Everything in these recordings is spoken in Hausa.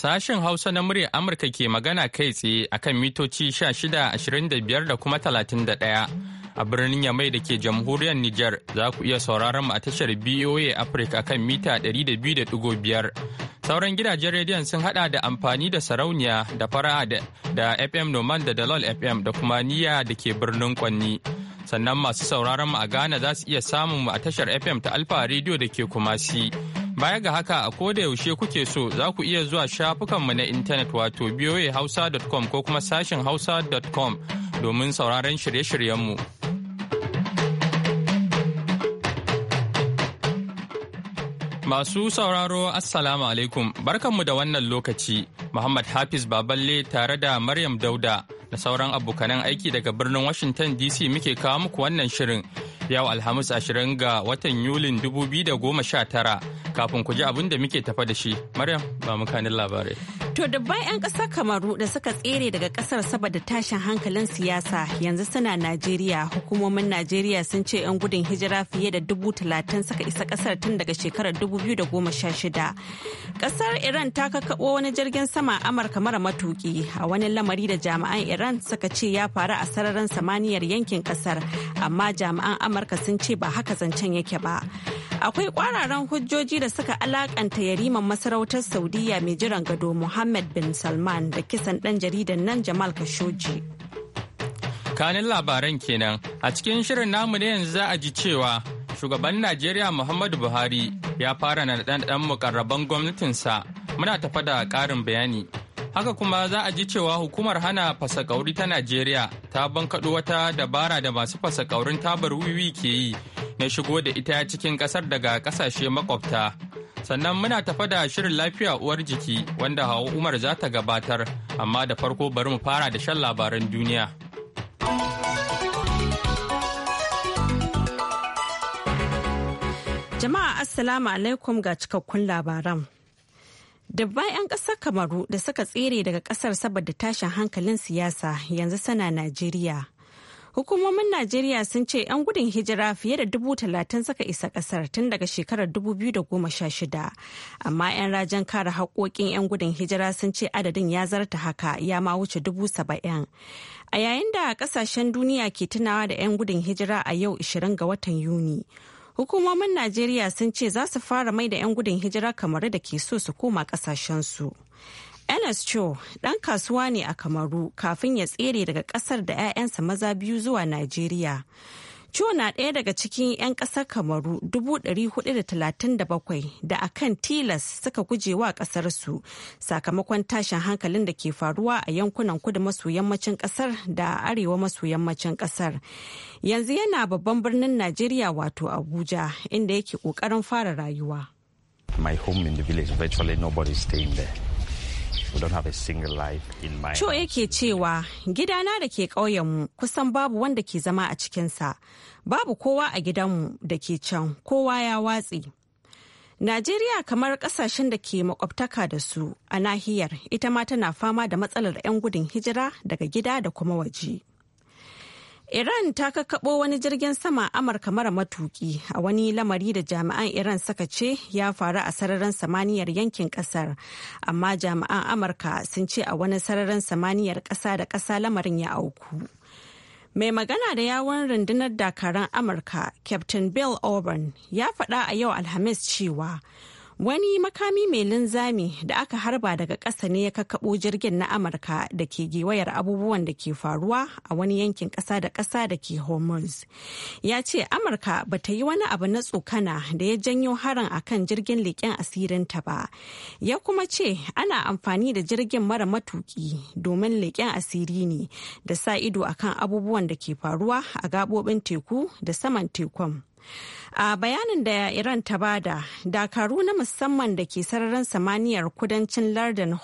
Sashen Hausa na muryar Amurka ke magana kai tsaye akan mitoci 1625 da kuma 31 a birnin Yamai da ke jamhuriyar Nijar za ku iya sauraron mu a tashar BOA Africa akan mita 200.5. Sauran gidajen rediyon sun hada da amfani da sarauniya da fara da FM Noman da Dalol FM da kuma niya da ke birnin Kwanni. Sannan masu sauraron mu a Ghana za su iya samun mu a tashar FM ta Alfa Radio da ke Kumasi. Baya ga haka a koda yaushe kuke so za ku iya zuwa shafukanmu na intanet wato hausa.com ko kuma sashin hausa.com domin sauraron shirye-shiryenmu. Masu sauraro Assalamu alaikum barkanmu da wannan lokaci Muhammad Hafiz Baballe tare da Maryam Dauda. da sauran abokanan aiki daga birnin Washington DC muke kawo muku wannan shirin yau Alhamis 20 ga watan Yulin 2019 kafin ku ji abin da muke tafa da shi. Maryam ba kanin labarai. To dabban 'yan ƙasar Kamaru da suka tsere daga ƙasar saboda tashin hankalin siyasa yanzu suna Najeriya hukumomin Najeriya sun ce 'yan gudun hijira fiye da dubu talatin suka isa ƙasar tun daga shekarar dubu biyu da goma sha shida Ƙasar Iran ta kakaɓo wani jirgin sama Amurka mara matuki a wani lamari da jami'an Iran suka ce ya faru a sararin samaniyar yankin ƙasar amma jami'an Amurka sun ce ba haka zancen yake ba. Akwai kwararan hujjoji da suka alakanta yariman masarautar Saudiya mai jiran gado Muhammad Mohammed bin Salman da kisan ɗan jaridan nan Jamal Khashoggi. Kanin labaran kenan a cikin shirin namu na yanzu za a ji cewa shugaban Najeriya Muhammadu Buhari ya fara na ɗan mukarraban gwamnatinsa muna tafa da ƙarin bayani. Haka kuma za a ji cewa hukumar hana fasakauri ta Najeriya ta bankaɗo wata dabara da masu fasakaurin tabar wiwi ke yi na shigo da ita cikin ƙasar daga ƙasashe makwabta. Sannan muna tafa da shirin lafiya uwar jiki wanda Hawa Umar za ta gabatar, amma da farko bari mu fara da shan labaran duniya. Jama'a Assalamu alaikum ga cikakkun labaran. Dabba 'yan ƙasar Kamaru da suka tsere daga ƙasar saboda tashin hankalin siyasa yanzu sana Najeriya. Hukumomin Najeriya sun ce 'yan gudun hijira fiye da dubu talatin suka isa kasar tun daga shekarar dubu biyu da goma sha shida, Amma 'yan rajen kare haƙoƙin 'yan gudun hijira sun ce adadin ya zarta haka ya ma wuce dubu saba'in. A yayin da ƙasashen duniya ke tunawa da 'yan gudun hijira a yau 20 ga watan Yuni. Hukumomin Najeriya sun ce za su fara mai da 'yan gudun hijira kamar da ke so su koma ƙasashensu. su. Enes Cho ɗan kasuwa ne a Kamaru kafin ya tsere daga ƙasar da 'ya'yansa maza biyu zuwa Najeriya. Cho na ɗaya daga cikin 'yan ƙasar Kamaru 437 da akan tilas suka guje wa ƙasarsu sakamakon tashin hankalin da ke faruwa a yankunan kudu maso yammacin ƙasar da arewa maso yammacin ƙasar. Yanzu yana babban birnin Najeriya wato Abuja inda yake ƙoƙarin fara rayuwa. My home in the village, virtually nobody staying there. ke yake cewa gidana da ke ƙauyenmu kusan babu wanda ke zama a cikinsa. Babu kowa a gidanmu da ke can, kowa ya watse. Najeriya kamar ƙasashen da ke makwabtaka da su a nahiyar ita ma tana fama da matsalar 'yan gudun hijira daga gida da kuma waje. Iran ta kakaɓo wani jirgin sama Amurka mara matuki a wani lamari da jami'an Iran saka ce ya faru a sararin samaniyar yankin kasar. Amma jami'an Amurka sun ce a wani sararin samaniyar ƙasa da ƙasa lamarin ya auku. Mai magana da yawon rundunar dakaran Amurka, Captain Bill Auburn, ya faɗa a yau Alhamis cewa Wani makami mai linzami da aka harba daga ƙasa ne ya kakkaɓo jirgin na Amurka da ke gewayar abubuwan da ke faruwa a wani yankin ƙasa da ƙasa da ke Hormuz. Ya ce Amurka ba ta yi wani abu na tsokana da ya janyo harin a kan jirgin leƙen asirinta ba. Ya kuma ce ana amfani da jirgin mara matuki domin leƙen asiri ne da sa ido akan abubuwan da ke faruwa a gaɓoɓin teku da saman tekun. A bayanin da Iran ta bada, dakaru na musamman da ke sararin samaniyar kudancin lardin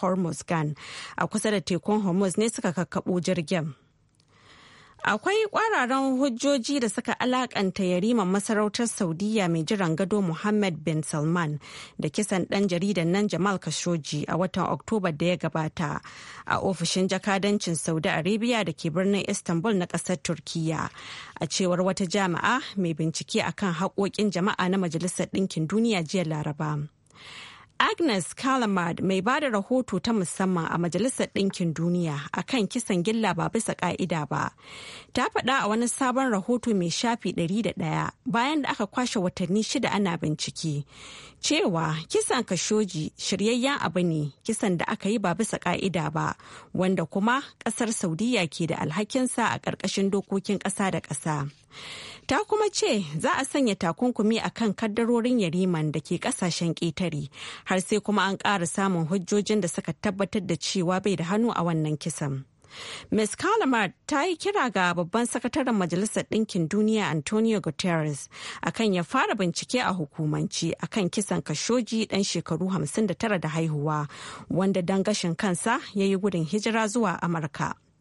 gan a kusa da tekun Hormuz ne suka kakkaɓo jirgin. Akwai kwararan hujjoji da suka alakanta yariman masarautar Saudiya mai jiran gado Muhammad bin Salman da kisan ɗan jaridan nan Jamal Khashoggi a watan Oktoba da ya gabata a ofishin jakadancin Saudi Arabia da ke birnin Istanbul na ƙasar Turkiyya. A cewar wata jami'a mai bincike akan haƙoƙin jama'a na Majalisar Ɗinkin Duniya jiya Laraba. Agnes Kalamad mai ba da rahoto ta musamman a Majalisar Ɗinkin Duniya a kan kisan gilla ba bisa ƙa'ida ba, ta faɗa a wani sabon rahoto mai shafi 101 bayan da aka kwashe watanni shida ana bincike, cewa kisan kashoji shiryayyen abu ne kisan da aka yi ba bisa ƙa'ida ba, wanda kuma ƙasar Saudiya ke da alhakinsa a ƙarƙashin dokokin ƙasa da ƙasa. ta kuma ce za a sanya takunkumi a kan kaddarorin yariman da ke kasashen ƙetare har sai kuma an ƙara samun hujjojin da suka tabbatar da cewa bai da hannu a wannan kisan. Ms. Kalamar ta yi kira ga babban sakataren Majalisar Ɗinkin Duniya Antonio Guterres a kan ya fara bincike a hukumanci kan kisan kashoji ɗan shekaru 59 da haihuwa wanda dangashin kansa ya yi gudun hijira zuwa Amurka.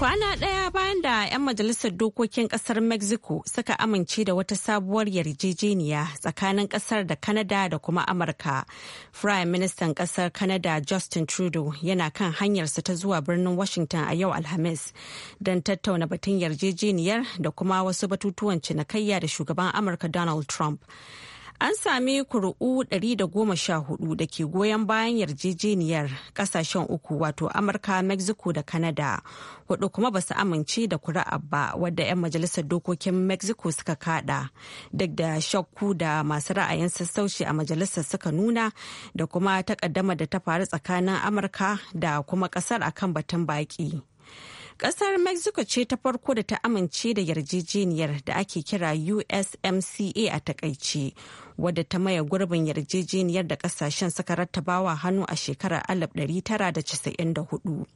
Kwana ɗaya bayan da 'yan majalisar dokokin ƙasar Mexico suka amince da wata sabuwar yarjejeniya tsakanin ƙasar da Kanada da kuma Amurka. Prime Ministan ƙasar Canada Justin Trudeau yana kan hanyarsa ta zuwa birnin Washington a yau Alhamis don tattauna batun yarjejeniyar da kuma wasu batutuwan cinikayya da shugaban Amurka Donald Trump. An sami kuri'u 114 da ke goyon bayan yarjejeniyar kasashen uku wato Amurka, Mexico da Canada. Hudu kuma ba su amince da kuri'a ba wadda 'yan majalisar dokokin Mexico suka kada. Duk da shakku da masu ra'ayin sassauci a majalisar suka nuna da kuma takaddama da ta faru tsakanin Amurka da kuma kasar akan batun baki. Ƙasar Mexico ce ta farko da ta amince da yarjejeniyar da ake kira USMCA a takaice, wadda ta maye gurbin yarjejeniyar da ƙasashen suka rattabawa hannu a shekarar 1994.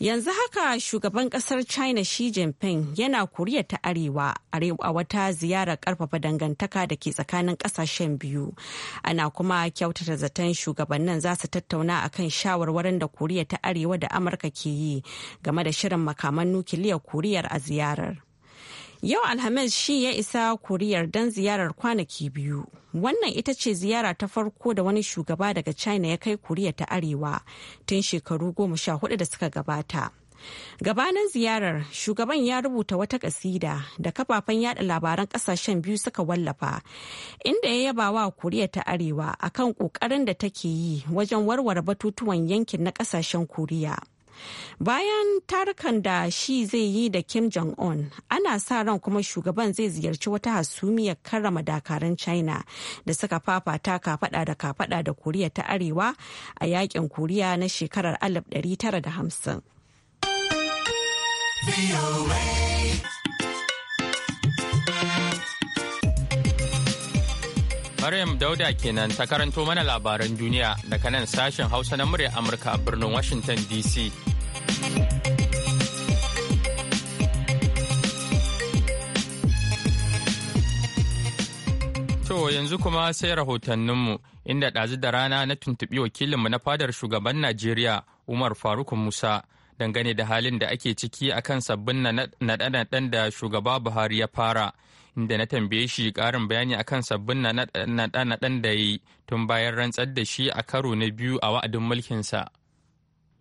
Yanzu haka shugaban kasar China Xi Jinping yana Koriya ta Arewa a wata ziyarar karfafa dangantaka da ke tsakanin kasashen biyu. Ana kuma kyautata zaton shugabannin za su tattauna a kan shawarwarin da Koriya ta Arewa da Amurka ke yi game da shirin makaman nukiliyar Koriyar a ziyarar. Yau Alhamis shi ya isa Kuriyar don ziyarar kwanaki biyu. Wannan ita ce ziyara ta farko da wani shugaba daga China ya kai Kuriya ta Arewa tun shekaru goma sha hudu da suka gabata. Gabanin ziyarar, shugaban ya rubuta wata kasida da kafafen yada labaran kasashen biyu suka wallafa, inda ya yaba wa Koriya ta Arewa akan kokarin da take yi wajen warware batutuwan yankin na kasashen Koriya. Bayan tarukan da shi zai yi da Kim Jong-un, ana sa ran kuma shugaban zai ziyarci wata hasumiyar karrama dakarun China da suka fafata kafada da kafada da Koriya ta Arewa a yakin Koriya na shekarar 1950. Maryam Dauda kenan ta karanto mana labaran duniya daga nan sashen Hausa na murya Amurka a birnin Washington DC. To yanzu kuma sai rahotanninmu inda ɗazu da rana na tuntuɓi wakilinmu na fadar shugaban Najeriya Umar Faruk Musa dangane da halin da ake ciki akan sabbin naɗe-naɗen da shugaba Buhari ya fara. inda na tambaye shi karin bayani akan sabbin naɗe-naɗen da ya yi tun bayan rantsar da shi a karo na biyu a wa'adin mulkinsa.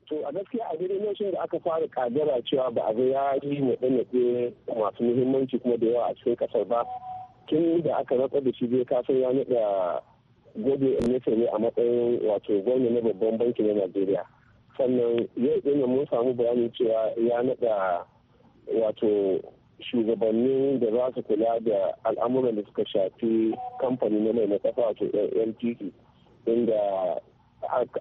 to a gaskiya a daidai lokacin da aka fara kadara cewa ba a ya yi naɗe-naɗe masu muhimmanci kuma da yawa a cikin ƙasar ba tun da aka rantsar da shi zai kasan ya naɗa gobe nesa ne a matsayin wato gwamna na babban banki na najeriya sannan yau ɗin mun samu bayanin cewa ya naɗa wato shugabannin da za su kula da al'amuran da suka shafi kamfani na mai na kasa wato ltd inda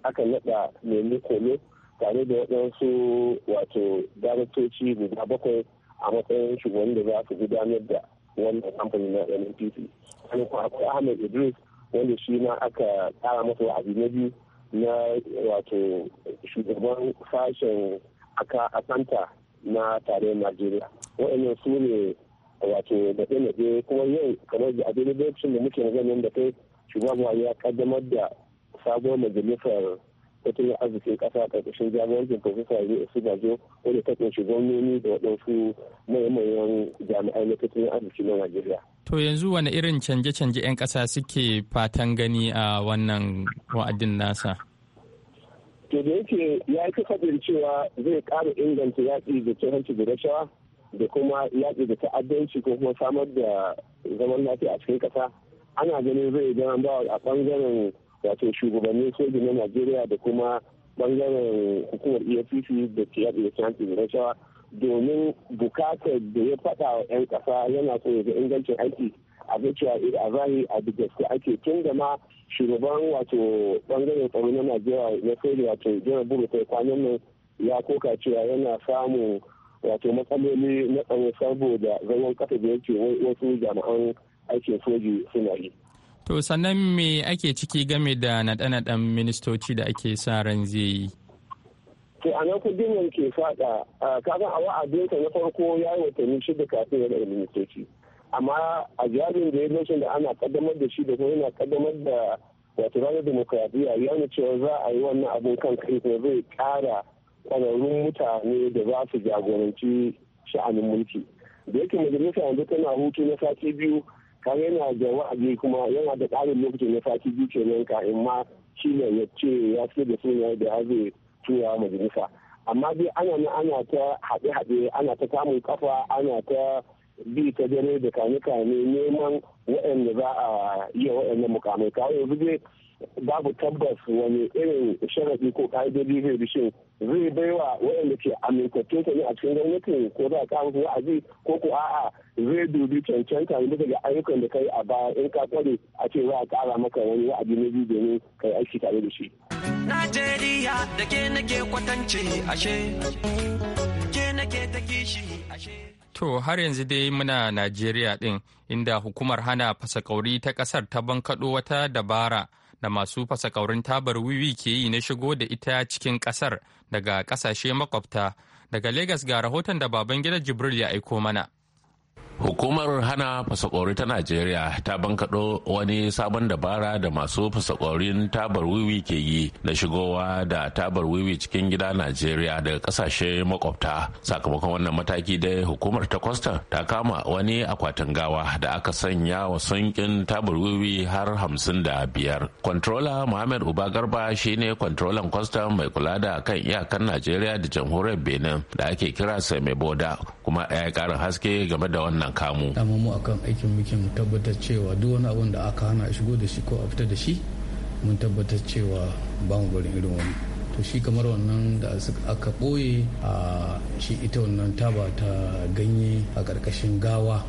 aka nada nemi kome tare da waɗansu wato daraktoci guda bakwai a matsayin shugaban da za su gudanar da wannan kamfani na ltd wani kuma akwai ahmed idris wanda shi ma aka tsara masa wa'azi na biyu na wato shugaban sashen santa na tare najeriya wa'annan su ne wato da ɗaya kuma yau kamar da da lokacin da muke ganin da kai shugaban ya kaddamar da sabuwar majalisar tattalin arzikin kasa karkashin jagorancin profesa su gajo wanda ta kunshi gwamnoni da waɗansu mayan jami'ai na tattalin arziki na najeriya to yanzu wani irin canje-canje 'yan ƙasa suke fatan gani a wannan wa'adin nasa to da yake ya fi kasafin cewa zai ƙara inganta yaƙi da ta hanci da rashawa da kuma yaƙi da ta'addanci ko kuma samar da zaman lafiya a cikin ƙasa ana ganin zai zama ba a ɓangaren wato shugabanni sojin na najeriya da kuma ɓangaren hukumar efcc da ke yaƙi da ta hanci da rashawa domin bukatar da ya faɗa wa 'yan ƙasa yana so ya ga ingancin aiki a ga eh, a zahiri a duk gaske ake tun da ma shugaban wato bangaren tsaro na najeriya na soja wato jiran buru kai kwanan nan ya koka cewa yana samu wato matsaloli na tsaro saboda zaman kasa da yake wasu jami'an aikin soji suna yi. To sannan me ake ciki game da naɗe-naɗen ministoci da ake sa ran zai yi? To a nan kudin ke fada awa a wa'adinsa na farko ya yi watanni shida kafin ya ministoci. amma a jami'in da ya lokacin da ana kaddamar da shi da kuma yana kaddamar da wato ranar demokradiyya ya nuna cewa za a yi wannan abin kan kai kuma zai kara kwararrun mutane da za su jagoranci sha'anin mulki da yake majalisa yanzu tana hutu na sati biyu ka yana da wa'azi kuma yana da ƙarin lokacin na sati biyu kenan in ma shi ne ya ce ya fi da suna da ya zai tura majalisa amma dai ana ana ta haɗe-haɗe ana ta kamun kafa ana ta bi ta dare da kane-kane neman waɗanda za a yi waɗannan mukamai kawo yanzu dai babu tabbas wani irin sharaɗi ko ka'idodi zai bishin zai baiwa waɗanda ke amintattun ne a cikin gwamnati ko za a kawo su wa'azi ko ko a'a zai dubi cancanta ne daga ayyukan da kai a baya in ka kware a ce za a kara maka wani wa'adi na biyu domin kai aiki tare da shi. Najeriya da ke nake kwatance ashe, ke nake ta kishi ashe. To har yanzu dai muna Najeriya din inda hukumar hana fasakauri ta kasar ta bankaɗo wata dabara da masu fasakaurin tabar wiwi ke yi na shigo da ita cikin ƙasar daga ƙasashe makwabta. Daga Legas ga rahoton da baban gida Jibril ya aiko mana. Hukumar hana fasakori ta Najeriya ta bankaɗo wani sabon dabara da masu fasakorin tabar wiwi ke yi na shigowa da tabar wiwi cikin gida Najeriya daga ƙasashe makwabta. Sakamakon wannan mataki dai hukumar ta kwastan ta kama wani akwatin gawa da aka sanya wa sunkin tabar wiwi har hamsin da biyar. Kwantrola Muhammad Uba Garba shine kwantrolan kwastan mai kula da kan iyakar Najeriya da jamhuriyar Benin da ake kira mai Boda kuma ya ƙarin haske game da wannan kamu dama mu akan aikin muke mu tabbatar cewa duk wani abun da aka hana shigo da shi ko a fita da shi mun tabbatar cewa ba mu barin irin wani to shi kamar wannan da aka boye a shi ita wannan taba ta ganye a karkashin gawa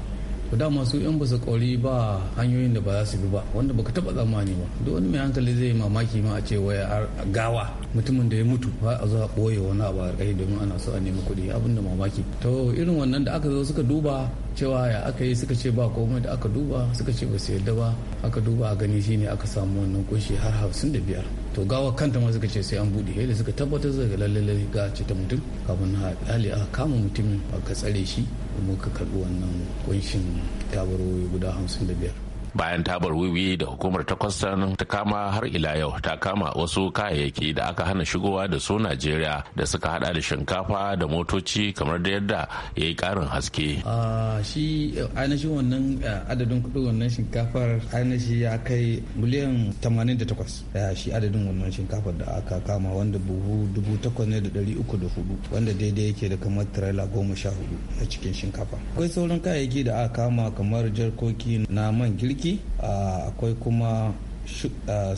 to dama su yan basu kori ba hanyoyin da ba za su bi ba wanda baka taba zamani ba duk wani mai hankali zai mamaki ma a ce waya gawa mutumin da ya mutu ba a zo a ɓoye wani abu a ƙarƙashi domin ana so a nemi kuɗi abin da mamaki to irin wannan da aka zo suka duba cewa ya aka yi suka ce ba komai da aka duba suka ce ba su yarda ba aka duba a gani shine aka samu wannan kunshi har hamsin da biyar to gawa kanta ma suka ce sai an buɗe da suka tabbatar zai lalle ga ce ta mutum kafin na hali aka kama mutumin aka tsare shi kuma ka karɓi wannan kunshin tabarwoyi guda hamsin da biyar bayan ta bar wiwi da hukumar ta kwastan ta kama har ila yau ta kama wasu kayayyaki da aka hana shigowa da su najeriya da suka hada da shinkafa da motoci kamar da yadda ya yi karin haske shi ainihin wannan eh, adadin kudin wannan shinkafar ainihin ya kai miliyan 88 eh, shi adadin wannan shinkafar da aka kama wanda buhu 8,304 wanda daidai yake da kamar tirela goma sha hudu a cikin shinkafa akwai sauran kayayyaki da aka kama kamar jarkoki na man girki ciki akwai kuma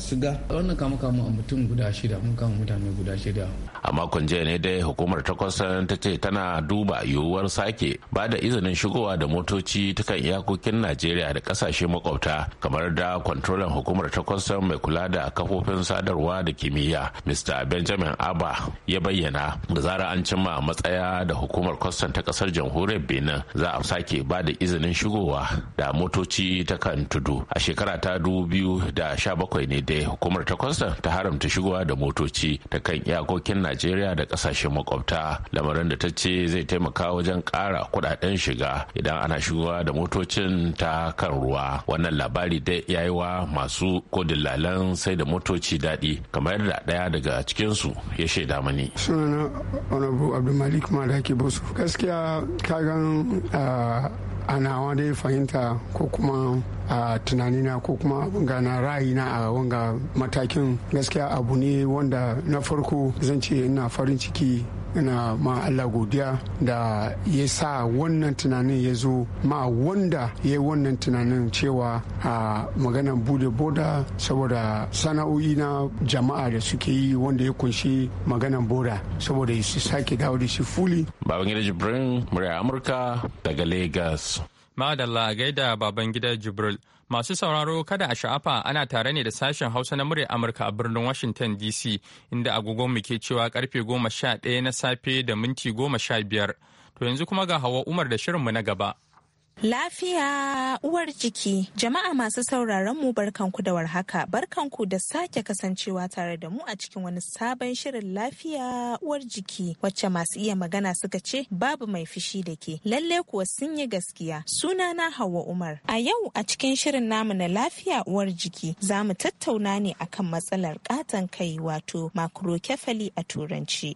suga wannan kama kama mutum guda shida mun kama mutane guda shida a makon jiya ne dai hukumar ta ta ce tana duba yiwuwar sake ba da izinin shigowa da motoci ta kan iyakokin najeriya da kasashe makwabta kamar da kwantrolan hukumar ta mai kula da kafofin sadarwa da kimiyya mr benjamin abba ya bayyana da zara an cimma matsaya da hukumar kwastan ta kasar jamhuriyar benin za a sake ba da izinin shigowa da motoci ta kan tudu a shekara ta biyu da sha bakwai ne dai hukumar ta ta haramta shigowa da motoci ta kan iyakokin najeriya da kasashen makwabta lamarin da ta ce zai taimaka wajen kara kudaden shiga idan ana shigowa da motocin ta kan ruwa wannan labari dai ya yi wa masu ko dillalan sai da motoci daɗi kamar yadda ɗaya daga cikinsu ya shaida mani sunana honorable abdulmalik madaki bosu gaskiya ka gan a nawa dai fahimta ko kuma a tunanina ko kuma gana ra'ayina a wanga matakin gaskiya abu ne wanda na farko zan ce ina farin ciki ina ma Allah godiya da ya sa wannan tunanin ya zo ma wanda ya yi wannan tunanin cewa a maganan bude boda saboda sana'o'i na jama'a da suke yi wanda ya kunshi maganan boda saboda su sake dawo da shi fuli. Babangida Jibrin, murya Amurka daga Lagos. Madalla gaida baban gida Jibril. Masu sauraro kada a sha'afa ana tare ne da sashen Hausa na murya Amurka a birnin Washington DC inda agogonmu ke cewa karfe goma sha ɗaya na safe da minti goma sha biyar. To yanzu kuma ga hawa Umar da shirinmu na gaba. Lafiya uwar jiki, jama'a masu sauraron mu barkanku da warhaka, barkanku da sake kasancewa tare da mu a cikin wani sabon shirin lafiya uwar jiki wacce masu iya magana suka ce babu mai fishi da ke. Lalle kuwa sun yi gaskiya. suna na Hauwa Umar. A yau a cikin shirin namu na lafiya uwar jiki za mu tattauna ne akan matsalar katon kai wato makrokefali a turanci.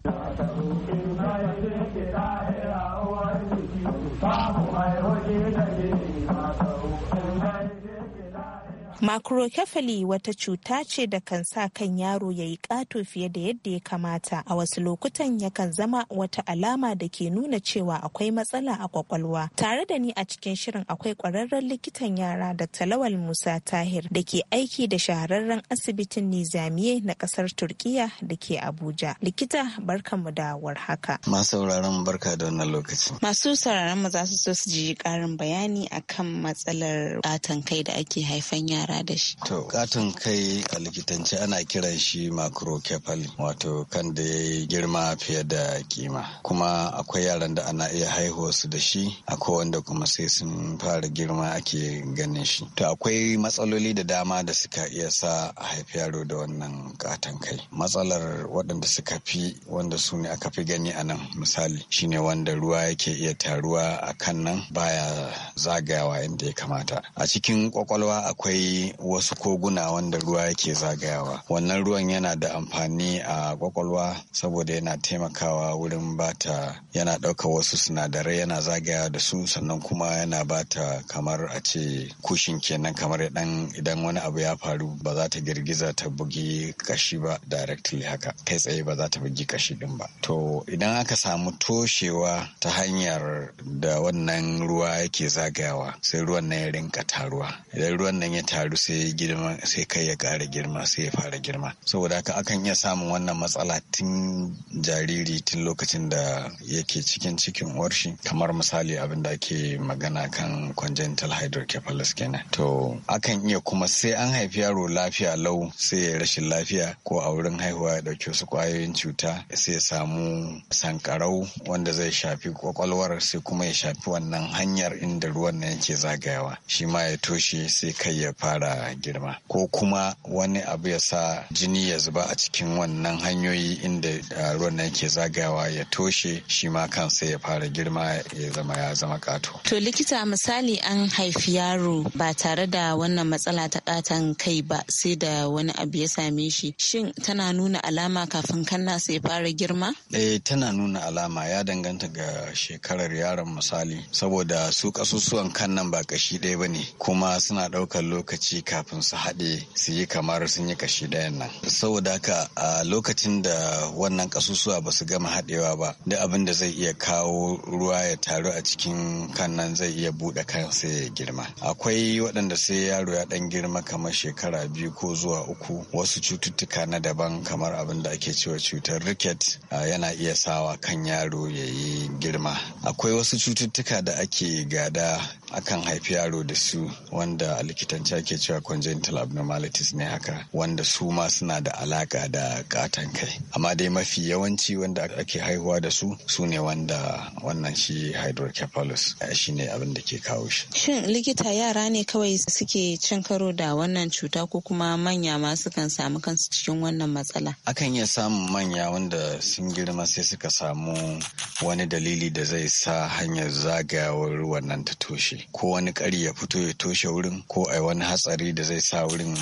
Macrocephaly wata cuta ce da kan sa kan yaro ya yi ƙato fiye da yadda ya kamata. A wasu lokutan yakan zama wata alama da ke nuna cewa akwai matsala a kwakwalwa. Tare da ni a cikin shirin akwai ƙwararren likitan yara da Talawal Musa Tahir da ke aiki da shahararren asibitin Nizamiye na ƙasar Turkiya da ke Abuja. Likita mu da warhaka. Masu sauraron barka da wannan lokaci. Masu sauraron mu za su so su ji ƙarin bayani akan matsalar ƙatan kai da ake haifan yara. yara da shi. To, katon kai a likitance ana kiran shi macrocephaly wato kan da ya girma fiye da kima. Kuma akwai yaran da ana iya haihuwa su da shi, akwai wanda kuma sai sun fara girma ake ganin shi. To, akwai matsaloli da dama da suka iya sa a haifi yaro da wannan katon kai. Matsalar waɗanda suka fi wanda su ne aka fi gani a nan misali shine wanda ruwa yake iya taruwa a kan nan baya zagayawa inda ya kamata. A cikin kwakwalwa akwai wasu koguna wanda ruwa yake zagayawa wannan ruwan yana da amfani a kwakwalwa saboda yana taimakawa wurin bata yana ɗauka wasu sinadarai yana zagaya da su sannan kuma yana bata kamar a ce kushin kenan kamar idan idan wani abu ya faru ba za ta girgiza ta bugi kashi ba directly haka kai tsaye ba za ta bugi kashi din ba to idan aka samu toshewa ta hanyar da wannan ruwa yake zagayawa sai ruwan nan ya rinka taruwa idan ruwan nan ya taru karu sai girma sai kai ya kara girma sai ya fara girma saboda haka akan iya samun wannan matsala tun jariri tun lokacin da yake cikin cikin warshi kamar misali abin da ake magana kan congenital hydrocephalus kenan to akan iya kuma sai an haifi yaro lafiya lau sai ya rashin lafiya ko a wurin haihuwa ya dauki wasu kwayoyin cuta sai ya samu sankarau wanda zai shafi kwakwalwar sai kuma ya shafi wannan hanyar inda ruwan nan yake zagayawa shi ma ya toshe sai kai ya fara fara girma ko kuma wani abu ya sa jini ya zuba a cikin wannan hanyoyi inda ruwan nan ke zagayawa ya toshe shi ma kansa ya fara girma ya zama ya zama ƙato. To likita misali an haifi yaro ba tare da wannan matsala ta katan kai ba sai da wani abu ya same shi shin tana nuna alama kafin kanna sai fara girma? Eh tana nuna alama ya danganta ga shekarar yaron misali saboda su kasusuwan kan nan ba kashi ɗaya bane kuma suna ɗaukar lokaci lokaci kafin su haɗe su yi kamar sun yi kashi ɗayan nan saboda haka a lokacin da wannan kasusuwa ba su gama haɗewa ba duk abin da zai iya kawo ruwa ya taru a cikin kan nan zai iya buɗe kan sai ya girma akwai waɗanda sai yaro ya ɗan girma kamar shekara biyu ko zuwa uku wasu cututtuka na daban kamar abin da ake cewa cutar riket yana iya sawa kan yaro ya yi girma akwai wasu cututtuka da ake gada akan haifi yaro da su wanda a likitanci ake cewa congenital abnormalities ne haka wanda su ma suna da alaka da katon kai amma dai mafi yawanci wanda ake haihuwa da su su ne wanda wannan shi hydrocephalus eh, shi ne abin da ke kawo shi shin likita yara ne kawai suke cin karo da wannan cuta ko kuma manya ma sukan samu kansu cikin wannan matsala akan iya samun manya wanda sun girma sai suka samu wani dalili da zai sa hanyar zagayawar wannan ta toshe ko wani kari ya fito ya toshe wurin ko a wani hatsari da zai sa wurin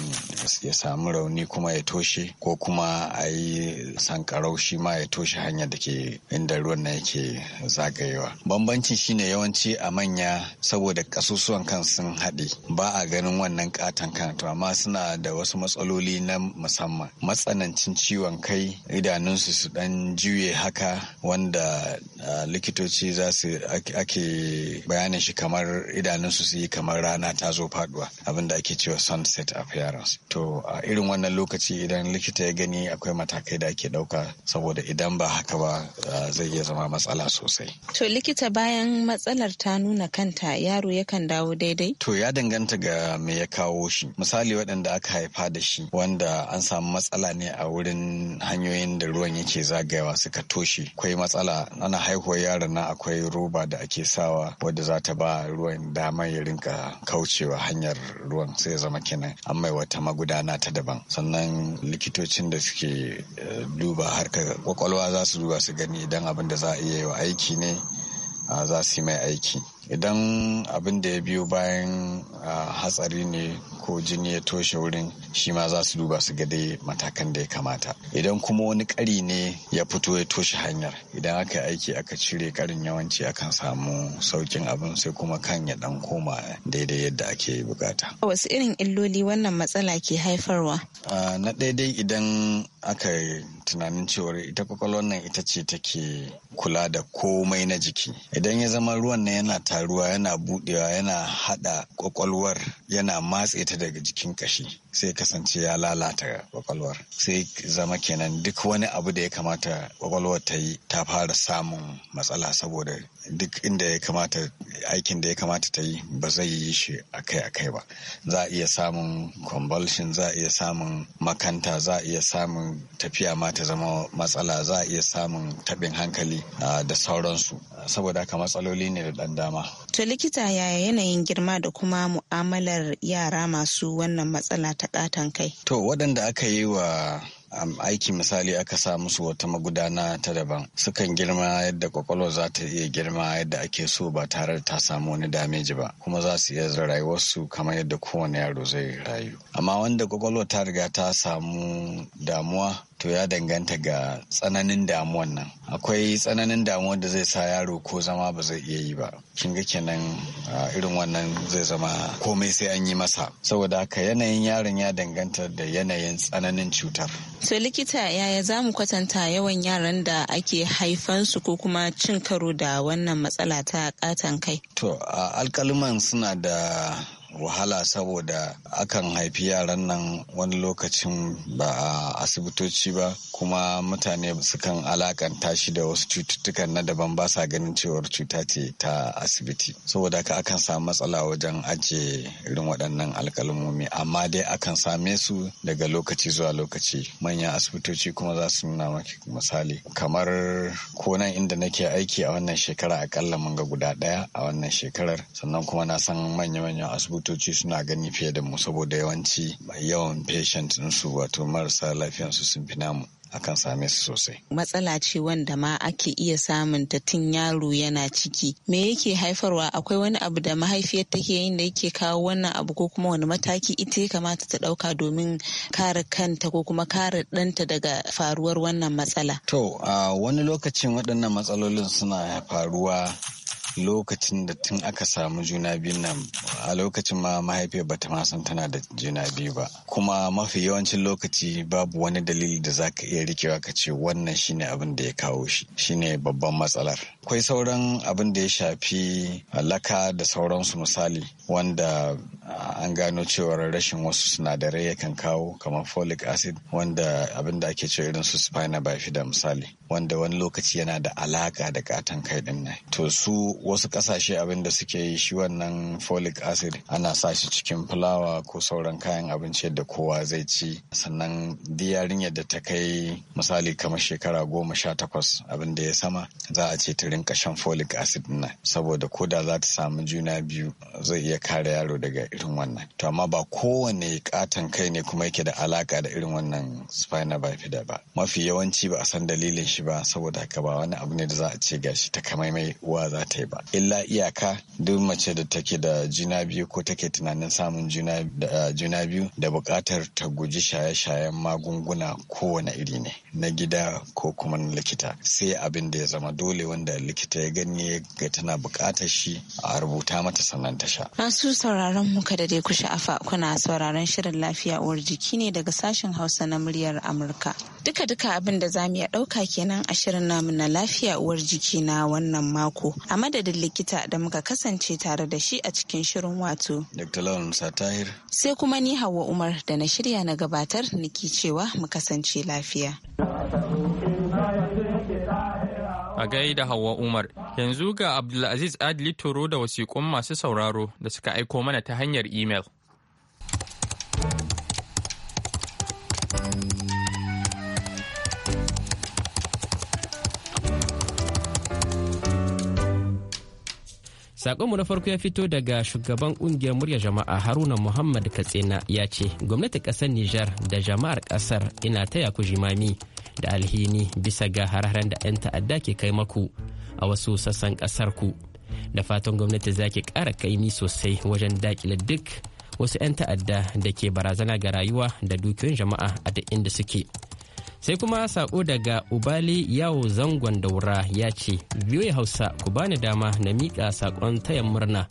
ya samu rauni kuma ya toshe ko kuma a yi sankarau shi ma ya toshe hanyar da ke inda ruwan na yake zagayewa bambancin shine yawanci a manya saboda kasusuwan kan sun haɗe ba a ganin wannan katon kan to amma suna da wasu matsaloli na musamman matsanancin ciwon kai idanunsu su dan juye haka wanda ah, likitoci za su ake bayanin shi kamar idanunsu su yi kamar rana ta zo faduwa abin da ake cewa sunset appearance to a irin wannan lokaci idan likita ya gani akwai matakai da ake dauka saboda idan ba haka ba zai iya zama matsala sosai to likita bayan matsalar ta nuna kanta yaro yakan dawo daidai to ya danganta ga me ya kawo shi misali waɗanda aka haifa da shi wanda an samu matsala ne a wurin hanyoyin da ruwan yake zagayawa suka toshe akwai matsala ana haihuwar yaron na akwai roba da ake sawa wadda za ta ba ruwan ruwan dama ya rinka kaucewa hanyar ruwan sai zama kenan an mai wata magudana ta daban sannan likitocin da suke eh, duba harkar kwakwalwa za su duba su gani idan abin da za a iya yi wa aiki ne za su yi mai aiki idan abin da ya biyo bayan hatsari ne ko jini ya toshe wurin shi ma za su duba su ga matakan da ya kamata idan kuma wani kari ne ya fito ya toshe hanyar idan aka yi aiki aka cire karin yawanci akan samu saukin abin sai kuma kan ya dan koma daidai yadda ake bukata wasu irin illoli wannan matsala ke haifarwa na daidai idan aka tunanin cewar ita kwakwalwar nan ita ce take kula da komai na jiki idan ya zama ruwan nan yana taruwa yana budewa yana hada kwakwalwar yana matse ta daga jikin kashi sai kasance ya lalata kwakwalwar sai zama kenan duk wani abu da ya kamata kwakwalwar ta yi ta fara samun matsala saboda duk inda ya kamata aikin da ya kamata ta yi ba zai yi shi akai-akai ba za a iya samun convulsion za a iya samun makanta za a iya samun tafiya ma ta zama matsala za a iya samun tabin hankali da sauransu saboda haka matsaloli ne da ɗan dama. To likita yaya yanayin girma da kuma mu'amalar yara masu wannan matsala mata kai. To waɗanda aka yi wa aiki misali aka sa musu wata magudana ta daban sukan girma yadda kwakwalwa za ta iya girma yadda ake so ba tare da ta samu wani dameji ba kuma za su iya rayuwarsu kamar yadda kowane yaro zai rayu amma wanda kwakwalwa ta riga ta samu damuwa to ya danganta ga tsananin damuwan nan akwai tsananin damuwar da zai sa yaro ko zama ba zai iya yi ba kin ga kenan irin wannan zai zama komai sai an yi masa saboda haka yanayin yaron ya danganta da yanayin tsananin cutar So likita yaya za mu kwatanta yawan yaran da ake haifansu ko kuma cin karo da wannan matsala ta katan kai? To alkaliman suna da wahala saboda akan haifi yaran nan wani lokacin ba a asibitoci ba kuma mutane sukan alakanta shi da wasu cututtukan na daban ba sa ganin cewar cuta ce ta asibiti saboda haka akan samu matsala wajen ajiye irin waɗannan alkalmomi amma dai akan same su daga lokaci zuwa lokaci manyan asibitoci kuma za su nuna maki misali kamar konan inda nake aiki a wannan shekara akalla mun ga guda ɗaya a wannan shekarar sannan kuma na san manya-manyan asibitoci likitoci suna gani fiye da mu saboda yawanci mai yawan patient su wato marasa lafiyansu sun fi namu akan same su sosai. Matsala ce wanda ma ake iya samun ta tun yaro yana ciki. Me yake haifarwa akwai wani abu da mahaifiyar take yin da yake kawo wannan abu ko kuma wani mataki ita ya kamata ta ɗauka domin kare kanta ko kuma kare ɗanta daga faruwar wannan matsala? To, a wani lokacin waɗannan matsalolin suna faruwa lokacin da tun aka samu juna biyun nan a lokacin ma mahaifiyar bata ma san tana da juna biyu ba kuma mafi yawancin lokaci babu wani dalili da zaka iya rikewa ka ce wannan shine abin da ya kawo shi shine babban matsalar akwai sauran abin da ya shafi laka da sauransu misali wanda an gano cewar rashin wasu sinadarai yakan kawo kamar folic acid wanda abin da ake cewa irin su spina bifida misali wanda wani lokaci yana da alaka da katon kai din nan to su wasu kasashe abin da suke yi shi wannan folic acid ana sa shi cikin fulawa ko sauran kayan abinci da kowa zai ci sannan yarinyar da ta kai misali kamar shekara goma sha takwas abin da ya sama za a ce ta rinka shan folic acid na saboda koda za ta samu juna biyu zai iya kare yaro daga irin wannan to amma ba kowane katon kai ne kuma yake da alaka da irin wannan spina bifida ba mafi yawanci ba a san dalilin shi ba saboda haka ba wani abu ne da za a ce gashi ta mai uwa za ta yi ba illa iyaka duk mace da take da juna biyu ko take tunanin samun juna biyu da bukatar ta guji shaye-shayen magunguna kowane iri ne na gida ko kuma na likita sai abin da ya zama dole wanda likita ya gani ga tana bukatar shi a rubuta mata sannan ta sha. Masu sauraron muka da dai ku sha'afa kuna sauraron shirin lafiya uwar jiki ne daga sashen Hausa na muryar Amurka. Duka duka abin da zamu iya ɗauka kenan a shirin namu na lafiya uwar jiki na wannan mako. A madadin likita da muka kasance tare da shi a cikin shirin wato. Dr. Lawan Tahir. Sai kuma ni Hauwa Umar da na shirya na gabatar niki cewa mu kasance lafiya. A gaida Hauwa Umar, yanzu ga Abdulaziz Adli Toro da wasiƙun masu sauraro da suka aiko mana ta hanyar imel. saƙonmu na farko ya fito daga shugaban ƙungiyar murya jama'a Haruna Muhammad Katsina ya ce, gwamnati ƙasar Nijar da jama'ar ƙasar ina taya ku jimami. da alhini bisa ga hararren da 'yan ta'adda ke kai maku a wasu sassan ƙasar ku da fatan gwamnati za ki ƙara kaimi sosai wajen daƙile duk wasu 'yan ta'adda da ke barazana ga rayuwa da dukiyoyin jama'a a duk inda suke sai kuma sako daga ubali yawo zangon daura ya ce biyoyi hausa ku bani dama na miƙa saƙon tayan murna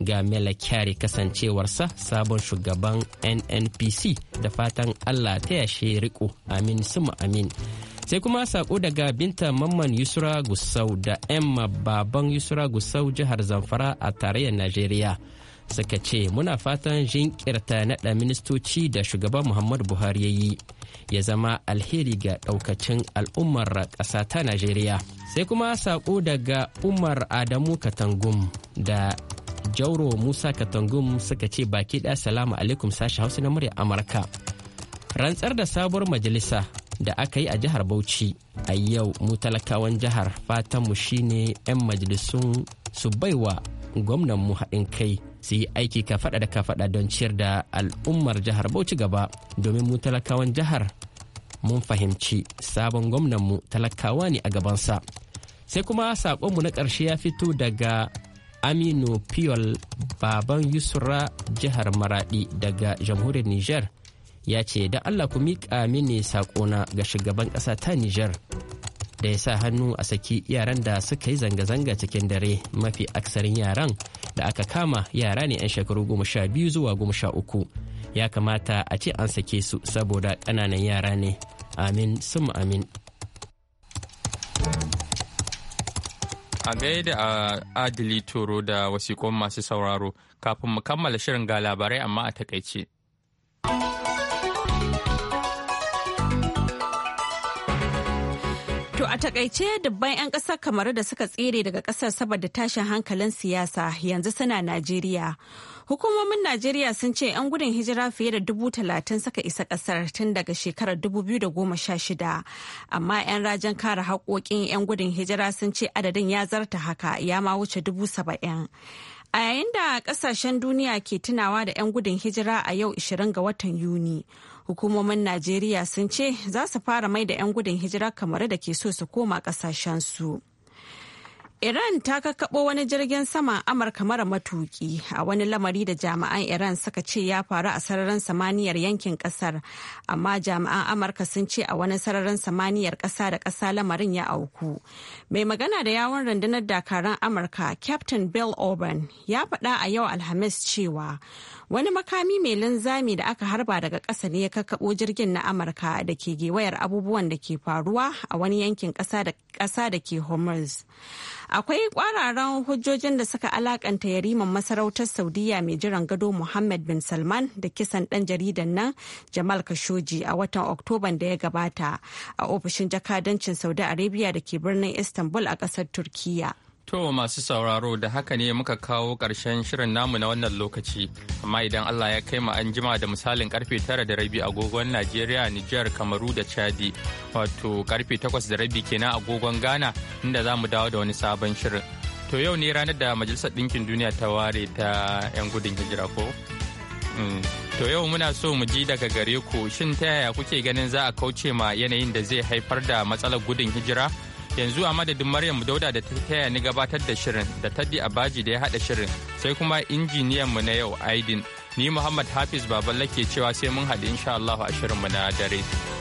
ga Mela kasancewarsa sabon shugaban NNPC da fatan Allah ta yashe riko amin suma amin. Sai kuma sako daga binta Mamman Yusra Gusau da Emma Baban Yusra Gusau jihar Zamfara a tarayyar Najeriya. suka ce muna fatan jinkirta naɗa ministoci da shugaban muhammadu buhari ya yi ya zama alheri ga ɗaukacin al'ummar ƙasa ta najeriya sai kuma saƙo daga umar adamu katangum da jauro musa katangum suka ce baki ɗaya salamu alaikum sashi hausa na murya amurka rantsar da sabuwar majalisa da aka yi a jihar bauchi a yau mu talakawan jihar fatanmu shine 'yan majalisun su baiwa gwamnan mu haɗin kai su yi aiki ka faɗa da ka faɗa don ciyar da al'ummar jihar bauchi gaba domin mu talakawan jihar mun fahimci sabon gwamnan mu talakawa ne a gabansa sai kuma saƙonmu na ƙarshe ya fito daga aminu piyol baban yusra jihar maradi daga jamhuriyar Nijar ya ce da allah ku miƙa mini saƙona ga shugaban ƙasa ta Nijar da ya sa hannu a saki yaran da suka yi zanga-zanga cikin dare mafi aksarin yaran da aka kama yara ne 'yan shekaru goma sha biyu zuwa goma sha uku ya kamata a ce an sake su saboda ƙananan yara ne amin sum amin A gaida a Adili Toro da wasikon masu sauraro kafin mu kammala shirin ga labarai amma a takaice. To a takaice dubban 'yan ƙasar kamaru da suka tsere daga ƙasar saboda tashin hankalin siyasa yanzu suna Najeriya. Hukumomin Najeriya sun ce 'yan gudun hijira fiye da dubu talatin suka isa ƙasar tun daga shekarar dubu biyu da goma sha shida. Amma 'yan rajin kare haƙoƙin 'yan gudun hijira sun ce adadin ya zarta haka ya ma wuce dubu saba'in. A yayin da kasashen duniya ke tunawa da 'yan gudun hijira a yau 20 ga watan Yuni, hukumomin Najeriya sun ce za su fara mai da 'yan gudun hijira kamar da ke so su koma kasashensu. su. Iran ta kakkaɓo wani jirgin sama Amurka mara matuki a wani lamari da jami'an Iran suka ce ya faru a sararin samaniyar yankin ƙasar amma jami'an Amurka sun ce a wani sararin samaniyar ƙasa da ƙasa lamarin ya auku. Mai magana da yawon rundunar dakaran Amurka, Captain Bill Orban, ya faɗa a yau Alhamis cewa wani makami mai linzami da aka harba daga ƙasa ne ya kakkaɓo jirgin na Amurka da ke gewayar abubuwan da ke faruwa a wani yankin ƙasa da ke Hormuz. Akwai kwararan hujjojin da suka alakanta yariman masarautar Saudiya mai jiran gado Muhammad bin Salman da kisan ɗan jaridan nan Jamal Khashoggi a watan Oktoban da ya gabata a ofishin jakadancin Saudi Arabia da ke birnin Istanbul a ƙasar Turkiyya. To masu sauraro da haka ne muka kawo ƙarshen shirin namu na wannan lokaci, amma idan Allah ya kai mu an jima da misalin karfe tara da rabi agogon Najeriya, Nijar, Kamaru da Chadi, wato karfe takwas da rabi kenan agogon Ghana inda za mu dawo da wani sabon shirin. To yau ne ranar da Majalisar Ɗinkin Duniya ta ware ta 'yan gudun hijira ko? Hmm. To yau muna so mu ji daga gare ku shin ta yaya kuke ganin za a kauce ma yanayin da zai haifar da matsalar gudun hijira? yanzu a madadin maryam dauda da ta taya ni gabatar da shirin da taddi abaji da ya haɗa shirin sai kuma injiniyan mu na yau aidin ni muhammad hafiz baballe ke cewa sai mun haɗu insha allahu a shirin mu na dare.